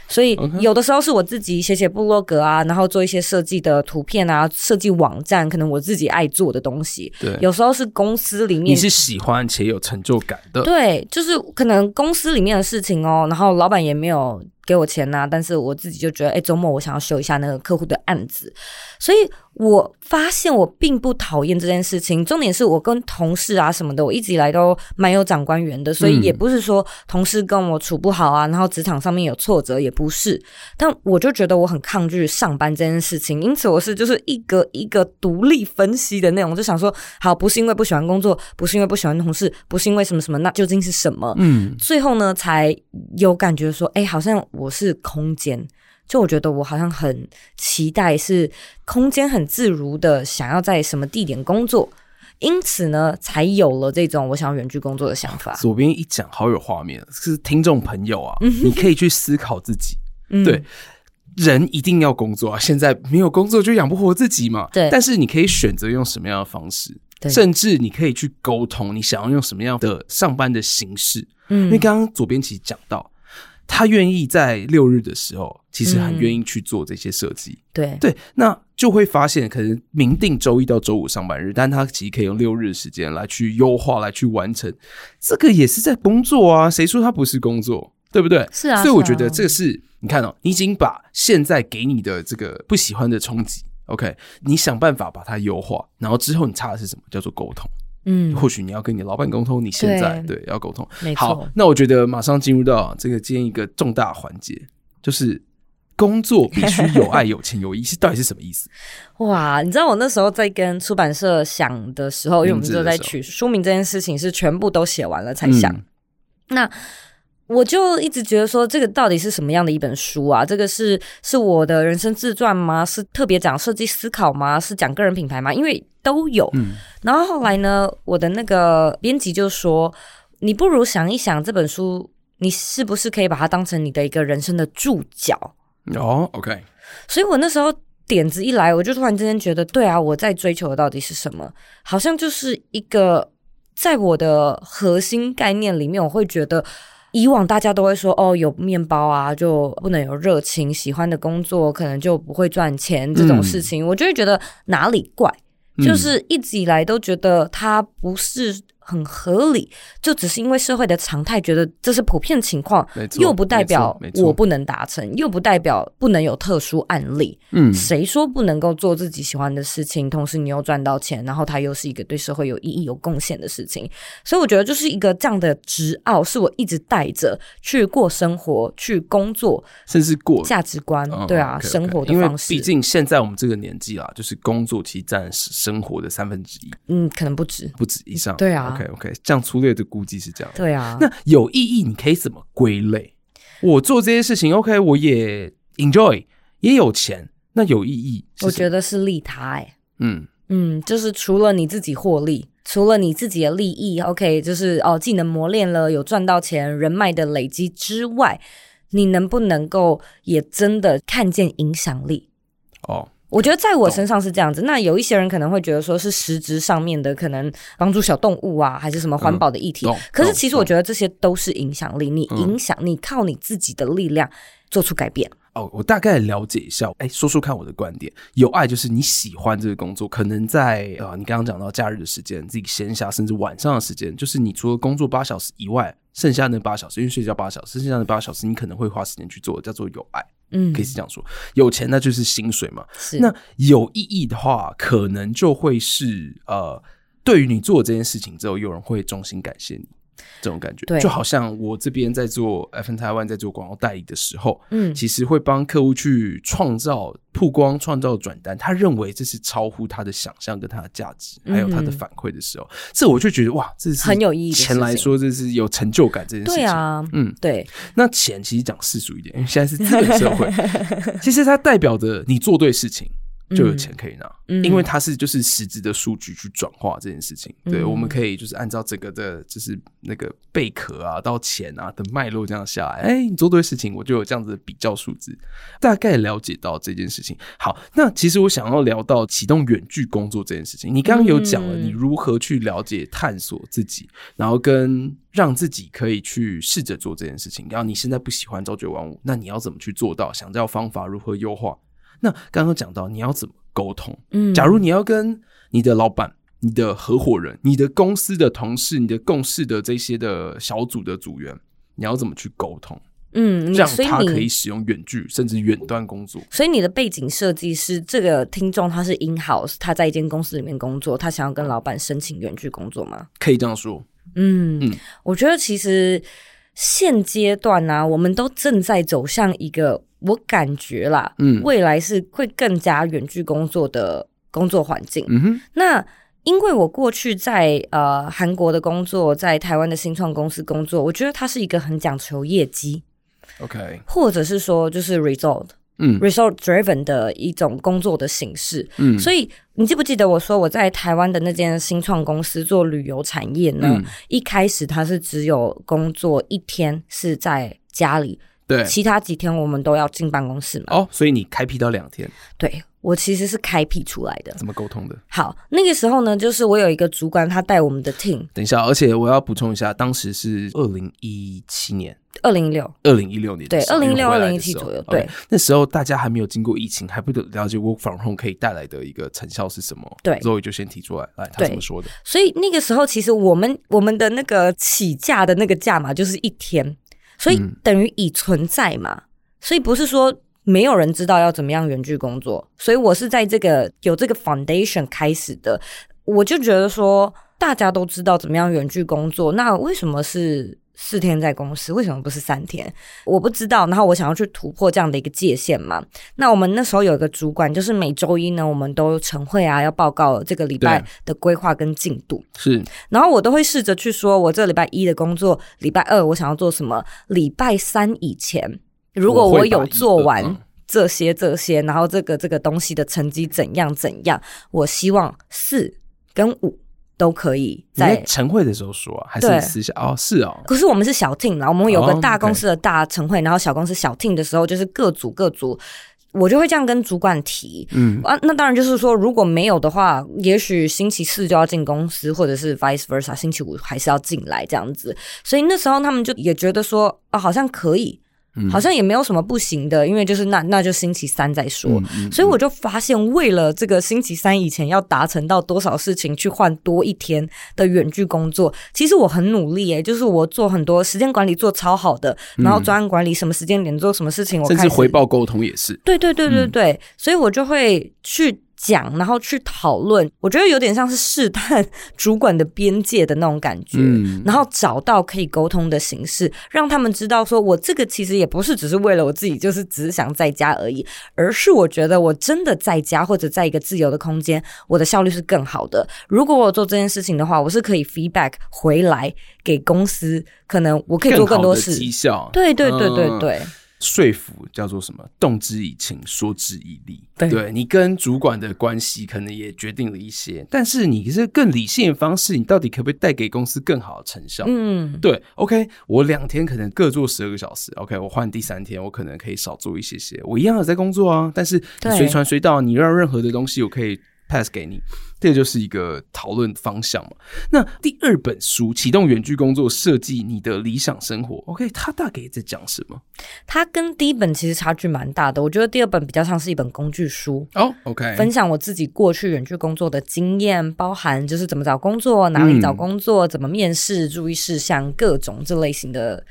[SPEAKER 1] 所以有的時候是我自己寫寫部落格啊，Okay. 然後做一些設計的圖片啊，設計網站，可能我自己愛做的東西。對，有時候是公司裡面。你是喜
[SPEAKER 2] 歡且有成就感的。對，
[SPEAKER 1] 就是可能公司裡面的事情哦，然後老闆也沒有。給我錢吶、啊，但是我自己就覺得，哎、欸，週末我想要修一下那個客戶的案子，所以我發現我並不討厭這件事情。重點是我跟同事啊什麼的，我一直以來都蠻有長官緣的，所以也不是說同事跟我處不好啊，然後職場上面有挫折也不是。但我就覺得我很抗拒上班這件事情，因此我是就是一個一個獨立分析的那種，我就想說，好，不是因為不喜歡工作，不是因為不喜歡同事，不是因為什麼什麼，那究竟是什麼？嗯，最後呢，才有感覺說，哎、欸，好像。我是空間，就我覺得我好像很期待，是空間很自如的，想要在什麼地點工作，因此呢，才有了這種我想要遠距工作的想法。
[SPEAKER 2] 佐編一講好有畫面，是聽眾朋友啊， 你可以去思考自己，對、 嗯、人一定要工作啊，現在沒有工作就養不活自己嘛。對，但是你可以選擇用什麼樣的方式，對甚至你可以去溝通，你想要用什麼樣的上班的形式。嗯，因為剛剛佐編其實講到。他願意在六日的時候，其實很願意去做這些設計、嗯。對對，那就會發現，可能明定周一到周五上班日，但他其實可以用六日的時間來去優化，來去完成。這個也是在工作啊，誰說他不是工作？對不對？是啊。是啊，所以我覺得這個是，你看哦、喔，你已經把現在給你的這個不喜歡的衝擊，OK，你想辦法把它優化，然後之後你差的是什麼？叫做溝通。嗯，或許你要跟你老闆溝通，你現在對，對要溝通。沒錯。好，那我覺得馬上進入到這個今天一個重大環節，就是工作必須有愛有錢有意義，是到底是什麼意思？
[SPEAKER 1] 哇，你知道我那時候在跟出版社想的時候，時候因為我們都在取書名這件事情是全部都寫完了才想。嗯、那。我就一直覺得說，這個到底是什麼樣的一本書啊？這個是是我的人生自傳嗎？是特別講設計思考嗎？是講個人品牌嗎？因為都有。嗯。然後後來呢，我的那個編輯就說：“你不如想一想，這本書你是不是可以把它當成你的一個人生的注腳？”
[SPEAKER 2] 哦，oh, OK。
[SPEAKER 1] 所以我那時候點子一來，我就突然之間覺得，對啊，我在追求的到底是什麼？好像就是一個，在我的核心概念裡面，我會覺得。以往大家都會說哦，有面包啊就不能有熱情，喜歡的工作可能就不會賺錢這種事情，嗯、我就會覺得哪裡怪，嗯、就是一直以來都覺得他不是。很合理，就只是因為社會的常態，覺得這是普遍情況，沒錯，又不代表沒錯，我不能達成，沒錯。又不代表不能有特殊案例。嗯，誰說不能夠做自己喜歡的事情，同時你又賺到錢，然後它又是一個對社會有意義、有貢獻的事情。所以我覺得就是一個這樣的執拗，是我一直帶着去過生活、去工作，甚至過價值觀。嗯、對啊，okay, okay, 生活的方式。畢竟現
[SPEAKER 2] 在我們這個年紀啊，就是工作其實佔生活的三分之一，
[SPEAKER 1] 嗯，可能不止，
[SPEAKER 2] 不止以上。嗯、對啊。OK，OK，、okay, okay, 這樣粗略的估計是這樣。對啊，那有意義？你可以怎麼歸類？我做這些事情，OK，我也 enjoy，也有錢，那有意義？我覺
[SPEAKER 1] 得是利他、欸，哎、嗯，嗯嗯，就是除了你自己獲利，除了你自己的利益，OK，就是哦，技能磨練了，有賺到錢，人脈的累積之外，你能不能夠也真的看見影響力？哦。我覺得在我身上是這樣子，懂那有一些人可能會覺得說是實質上面的，可能幫助小動物啊，還是什麼環保的議題。嗯、可是其實我覺得這些都是影響力，嗯、你影響你、嗯、靠你自己的力量做出改變。哦，我大概了解一下，哎，說說看我的觀
[SPEAKER 2] 點。有愛就是你喜歡這個工作，可能在啊、呃，你剛剛講到假日的時間，自己閒暇甚至晚上的時間，就是你除了工作八小時以外，剩下那八小時，因為睡覺八小時，剩下的八小時你可能會花時間去做，叫做有愛。嗯，可以是這樣說，有錢那就是薪水嘛。是，那有意義的話，可能就會是呃，對於你做這件事情之後，有人會衷心感謝你。這種感覺，對就好像我這邊在做 FMTaiwan 在做廣告代理的時候，嗯，其實會幫客戶去創造曝光、創造轉單。他認為這是超乎他的想象跟他的價值，還有他的反饋的時候，嗯、這我就覺得哇，這是很有意思。錢來說，這是有成就感這件事情。對啊，嗯，對。那錢其實講世俗一點，因為現在是資本社會， 其實它代表着你做對事情。就有錢可以拿，嗯、因為它是就是實質的數據去轉化這件事情。嗯、對，我們可以就是按照整個的就是那個貝殼啊到錢啊的脈絡這樣下來。誒、欸、你做對事情，我就有這樣子的比較數字，大概了解到這件事情。好，那其實我想要聊到啟動遠距工作這件事情。你剛剛有講了，你如何去了解探索自己，嗯、然後跟讓自己可以去試着做這件事情。然後你現在不喜歡朝九晚五，那你要怎麼去做到？想知道方法如何優化？那剛剛講到你要怎麼溝通？嗯，假如你要跟你的老闆、你的合夥人、你的公司的同事、你的共事的這些的小組的組員，你要怎麼去溝通？
[SPEAKER 1] 嗯，你這樣他可以
[SPEAKER 2] 使用遠距甚至遠端工作。
[SPEAKER 1] 所以你的背景設計是這個聽眾他是 in house，他在一間公司裡面工作，他想要跟老闆申請遠距工作嗎？
[SPEAKER 2] 可以這樣說。嗯嗯，
[SPEAKER 1] 嗯我覺得其實現階段呢，啊，我們都正在走向一個。我感覺啦，未來是會更加遠距工作的工作環境。Mm hmm. 那因為我過去在呃韓國的工作，在台灣的新創公司工作，我覺得它是一個很講求業績，OK，或者是說就是 result，result driven 的一種工作的形式。Mm hmm. 所以你記不記得我說我在台灣的那間新創公司做旅遊產業呢？Mm hmm. 一開始它是只有工作一天是在家裡。對，其他幾天我們都要進辦公室嘛。哦，所以你開闢到兩天？對，我其實是開闢出來的。怎麼溝通的？好，那個時候呢，就是我有一個主管，他帶我們的 team。
[SPEAKER 2] 等一下，而且我要補充一下，當時是二零一七年，
[SPEAKER 1] 二零一六，
[SPEAKER 2] 二零一六年，對，二零一六，二零一七左右。對，okay, 那時候大家還沒有經過疫情，還不得了解 work from home，可以帶來的一個成效是什麼？對，所以就先提出來，來他對怎麼說的？
[SPEAKER 1] 所以那個時候，其實我們我們的那個起價的那個價碼就是一天。所以等於已存在嘛，所以不是說沒有人知道要怎麼樣遠距工作，所以我是在這個有這個 foundation 開始的，我就覺得說大家都知道怎麼樣遠距工作，那為什麼是？四天在公司，為什麼不是三天？我不知道。然後我想要去突破這樣的一個界限嘛。那我們那時候有一個主管，就是每週一呢，我們都晨會啊，要報告這個禮拜的規劃跟進度。
[SPEAKER 2] 是
[SPEAKER 1] 對。然後我都會試着去說，我這禮拜一的工作，禮拜二我想要做什麼？禮拜三以前，如果我有做完這些這些，然後這個這個東西的成績怎樣怎樣，我希望四跟五。都可以在，在
[SPEAKER 2] 晨會的時候說、啊，還是私下？對哦，是
[SPEAKER 1] 哦。可是我們是小 team，然後我們有個大公司的大晨會，Oh, okay. 然後小公司小 team 的時候，就是各組各組，我就會這樣跟主管提。嗯啊，那當然就是說，如果沒有的話，也許星期四就要進公司，或者是 vice versa，星期五還是要進來這樣子。所以那時候他們就也覺得說，哦，好像可以。嗯、好像也沒有什麼不行的，因為就是那那就星期三再說。嗯嗯、所以我就發現，為了這個星期三以前要達成到多少事情，去換多一天的遠距工作。其實我很努力誒、欸，就是我做很多時間管理做超好的，然後專案管理什麼時間點做什麼事情我，我、嗯、甚至回
[SPEAKER 2] 報溝通也是。對
[SPEAKER 1] 對對對對，嗯、所以我就會去。講，然後去討論，我覺得有點像是試探主管的邊界的那種感覺，嗯、然後找到可以溝通的形式，讓他們知道，說我這個其實也不是只是為了我自己，就是只是想在家而已，而是我覺得我真的在家或者在一個自由的空間，我的效率是更好的。如果我做這件事情的話，我是可以 feedback 回來給公司，可能我可以做更多事，績效，對對對對對、嗯。
[SPEAKER 2] 說服叫做什麼？動之以情，說之以理。對，對，你跟主管的關係可能也決定了一些，但是你是更理性的方式，你到底可不可以帶給公司更好的成效？嗯，對。OK，我兩天可能各做十二個小時。OK，我換第三天，我可能可以少做一些些。我一樣的在工作啊，但是隨傳隨到，你讓任何的東西，我可以。pass 給你，這就是一個討論方向嘛。那第二本書《啟動遠距工作，設計你的理想生活》，OK，它大概在講什
[SPEAKER 1] 麼？它跟第一本其實差距蠻大的。我覺得第二本比較像是一本工具書。哦、oh，OK，分享我自己過去遠距工作的經驗，包含就是怎麼找工作，哪裡找工作，嗯、怎麼面試，注意事項，各種這類型的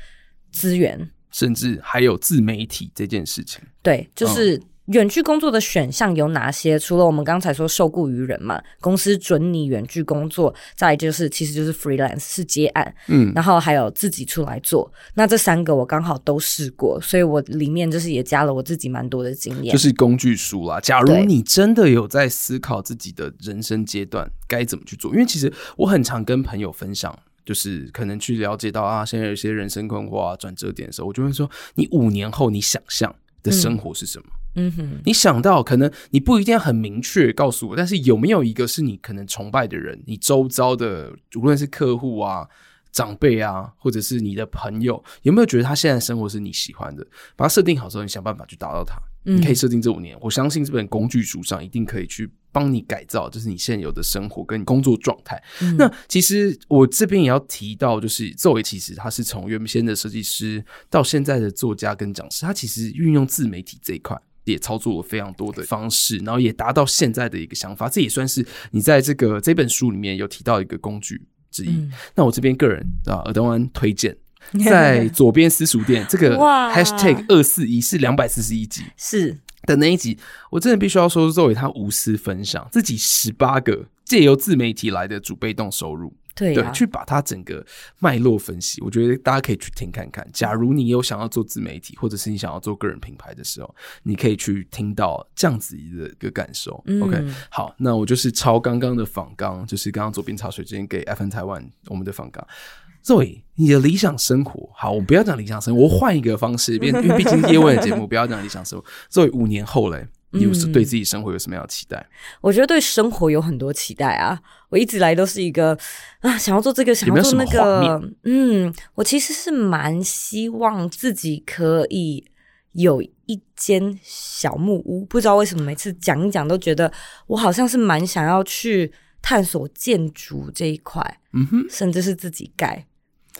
[SPEAKER 1] 資源，
[SPEAKER 2] 甚至還有自媒體這件事情。
[SPEAKER 1] 對，就是。Oh. 遠距工作的選項有哪些？除了我們剛才說受雇於人嘛，公司准你遠距工作，再來就是，其實就是 freelance，是接案，嗯，然後還有自己出來做。那這三個我剛好都試過，所以我裡面就是也加了我自己蠻多的經驗，就是
[SPEAKER 2] 工具書啦。假如你真的有在思考自己的人生階段，該對怎麼去做，因為其實我很常跟朋友分享，就是可能去了解到啊，現在有一些人生困惑啊、轉折點的時候，我就會說：你五年後你想象的生活是什麼？嗯嗯哼，你想到可能你不一定要很明確告訴我，但是有沒有一個是你可能崇拜的人？你周遭的無論是客戶啊、長輩啊，或者是你的朋友，有沒有覺得他現在生活是你喜歡的？把它設定好之後，你想辦法去達到他。嗯、你可以設定這五年，我相信這本工具書上一定可以去幫你改造，就是你現有的生活跟工作狀態。嗯、那其實我這邊也要提到，就是 Zoey 其實他是從原先的設計師到現在的作家跟講師，他其實運用自媒體這一塊。也操作了非常多的方式，然後也達到現在的一個想法，這也算是你在這個這本書裡面有提到一個工具之一。嗯、那我這邊個人、嗯、啊，耳東安推薦在佐編茶水間這個 #hashtag 二四一是兩百四十一集是哇的那一集，我真的必須要說，Zoey 她無私分享自己十八個借由自媒體來的主被動收入。對，對啊、去把它整個脈絡分析，我覺得大家可以去聽看看。假如你有想要做自媒體，或者是你想要做個人品牌的時候，你可以去聽到這樣子一個感受。嗯、OK，好，那我就是抄剛剛的訪綱，就是剛剛佐編茶水間給 FM Taiwan 我們的訪綱。Zoey，你的理想生活，好，我不要講理想生活，我換一個方式，因為畢竟業問的節目， 不要講理想生活。Zoey，五年後嘞？又是對自己生活有什麼
[SPEAKER 1] 樣的期待、嗯？我覺得對生活有很多期待啊！我一直來都是一個啊，想要做這個，想要做那個。有有嗯，我其實是蠻希望自己可以有一間小木屋。不知道為什麼每次講一講都覺得我好像是蠻想要去探索建築這一塊。嗯哼，甚至是自己蓋，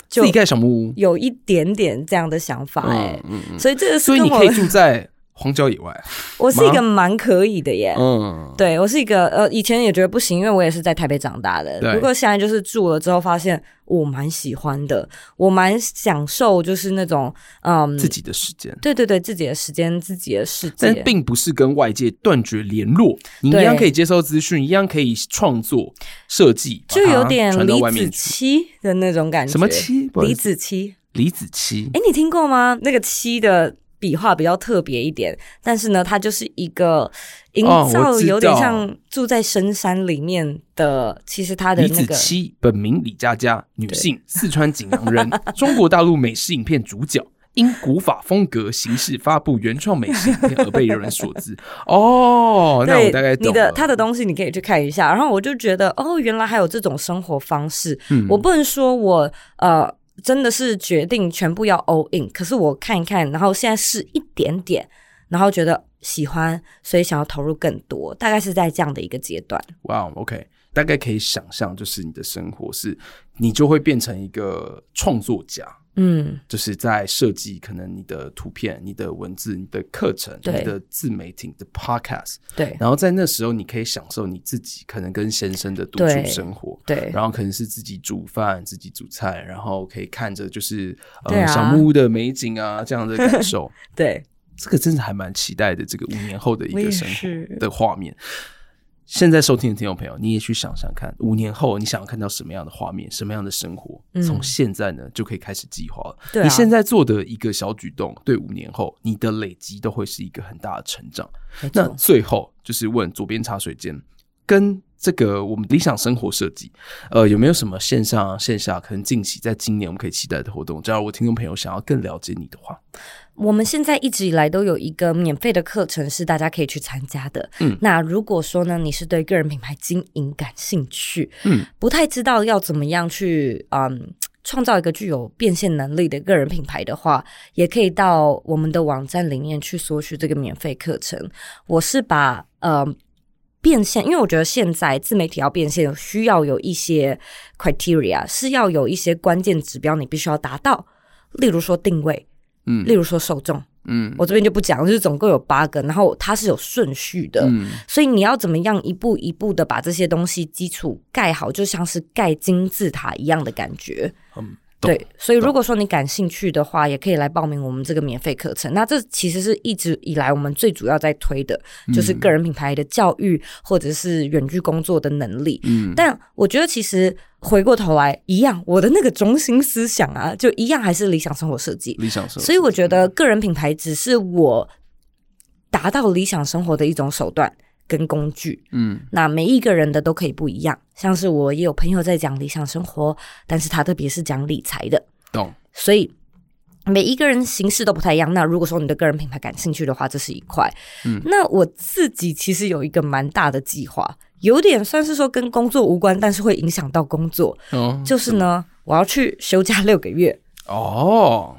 [SPEAKER 1] 就自己蓋小木屋，有一點點這樣的想法哎、欸。嗯嗯嗯，
[SPEAKER 2] 所以這個，所以你可以住在。荒郊野外，我是一個
[SPEAKER 1] 蠻可以的耶。嗯，對我是一個呃，以前也覺得不行，因為我也是在台北長大的。對不過現在就是住了之後，發現我蠻喜歡的，我蠻享受，就是那種嗯自己的時間。對對對，自己的時間，自己的時間，但並
[SPEAKER 2] 不是跟外界斷絕聯絡，對你一樣可以接受資訊，一樣可以創作設計，就有點李子
[SPEAKER 1] 柒的那種感覺。什麼柒？李子柒，李子柒。哎、欸，你聽過嗎？那個柒的。筆畫比，比較特別一點，但是呢，他就是一個營造有點像住在深山裡面的。哦、其實他的子柒
[SPEAKER 2] 本名李佳佳，女性，對四川景陽人， 中國大陸美食影片主角，因古法風格形式發布原創美食影片而被有人所知。哦，那我大概對你的
[SPEAKER 1] 他的東西你可以去看一下。然後我就覺得，哦，原來還有這種生活方式。嗯、我不能說我呃。真的是決定全部要 all in，可是我看一看，然後現在是一點點，然後覺得喜歡，所以想要投入更多，大概是在這樣的一個階段。
[SPEAKER 2] 哇、wow，OK，大概可以想象，就是你的生活是，你就會變成一個創作家。嗯，就是在設計可能你的圖片、你的文字、你的課程、對你的自媒體、的 Podcast，對。然後在那時候，你可以享受你自己可能跟先生的獨處生活，對。對，然後可能是自己煮飯、自己煮菜，然後可以看着就是、啊、嗯，小木屋的美景啊這樣的感受，對，
[SPEAKER 1] 啊、 對。這個真的
[SPEAKER 2] 還蠻期待的，這個五年後的一個生活的畫面。現在收聽的聽眾朋友，你也去想想看，五年後，你想要看到什麼樣的畫面，什麼樣的生活？嗯、從現在呢，就可以開始計劃了。對啊、你現在做的一個小舉動，對五年後你的累積都會是一個很大的成長。沒錯。那最後就是問佐編茶水間跟。這個我們理想生活設計，呃，有沒有什麼線上線下可能近期在今年我們可以期待的活動？假如我聽眾朋友想要更了解你的話，
[SPEAKER 1] 我們現在一直以來都有一個免費的課程是大家可以去參加的。嗯，那如果說呢你是對個人品牌經營感興趣，嗯，不太知道要怎麼樣去嗯、呃、創造一個具有變現能力的個人品牌的話，也可以到我們的網站裡面去索取這個免費課程。我是把呃。變現，因為我覺得現在自媒體要變現，需要有一些 criteria，是要有一些關鍵指標你必須要達到，例如說定位，
[SPEAKER 2] 嗯，例如
[SPEAKER 1] 說受眾，嗯，我這邊就不講，就是總共有八個，然後它是有順序的，嗯，所以你要怎麼樣一步一步的把這些東西基礎蓋好，就像是蓋金字塔一樣的感覺，嗯。對，懂所以如果說你感興趣的話，懂也可以來報名我們這個免費課程。那這其實是一直以來我們最主要在推的，嗯，就是個人品牌的教育，或者是遠距工作的能力。嗯，但我覺得其實回過頭來一樣，我的那個中心思想啊，就一樣還是理想生活設計。理想生活，活，所以我覺得個人品牌只是我達到理想生活的一種手段。跟工具，嗯，那每一個人的都可以不一樣。像是我也有朋友在講理想生活，但是他特別是講理財的，懂、哦。所以每一個人形式都不太一樣。那如果說你對個人品牌感興趣的話，這是一塊。嗯，那我自己其實有一個蠻大的計劃，有點算是說跟工作無關，但是會影響到工作。哦、就是呢，嗯、我要去休假六個月。哦。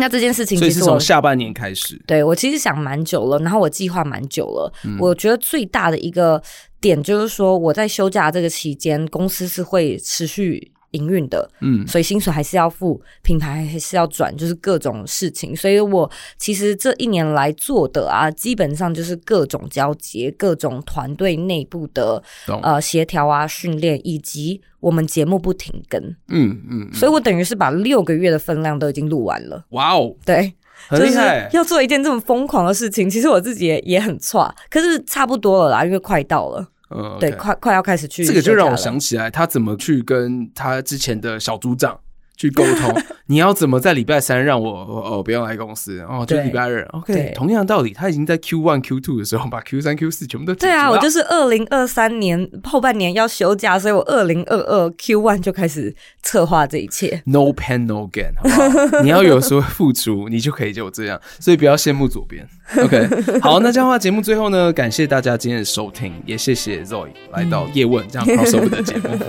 [SPEAKER 1] 那這件事情其實我，所以從下半年開始，對，我其實想蠻久了，然後我計劃蠻久了。嗯，我覺得最大的一個點就是說，我在休假這個期間，公司是會持續。營運的，嗯，所以薪水還是要付，品牌還是要轉，就是各種事情。所以我其實這一年來做的啊，基本上就是各種交接、各種團隊內部的懂呃協調啊、訓練，以及我們節目不停更、嗯，嗯嗯。所以我等於是把六個月的分量都已經錄完了。哇哦，對，就是要做一件這麼瘋狂的事情，其實我自己也，也很挫，可是差不多了啦，因為快到了。呃，嗯、okay, 對，快快要開始去。這個就讓我想
[SPEAKER 2] 起來，他怎麼去跟他之前的小組長去溝通？ 你要怎麼在禮拜三讓我哦，哦不要來公司？哦，對就禮拜日，OK 對。同樣的道理，他已經在 Q one、Q two 的時候把 Q 三、Q 四全部都。對啊，我就是
[SPEAKER 1] 二零二三年後半年要休假，所以我二零二二 Q one 就開始策劃這一切。
[SPEAKER 2] No pain no gain，好不好？ 你要有所付出，你就可以就這樣。所以不要羨慕佐編。 OK，好，那這樣的話，節目最後呢，感謝大家今天的收聽，也謝謝 Zoey 來到業問、嗯、這樣 cross over 的節目，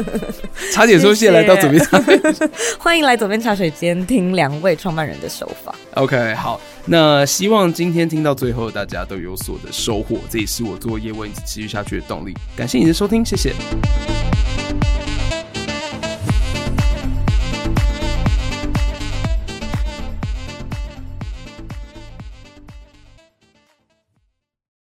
[SPEAKER 1] 差點 說謝謝來到左邊， 歡迎來佐編茶水間聽兩位創辦人的手法。
[SPEAKER 2] OK，好，那希望今天聽到最後，大家都有所的收穫，這也是我做業問一直持續下去的動力。感謝你的收聽，謝謝。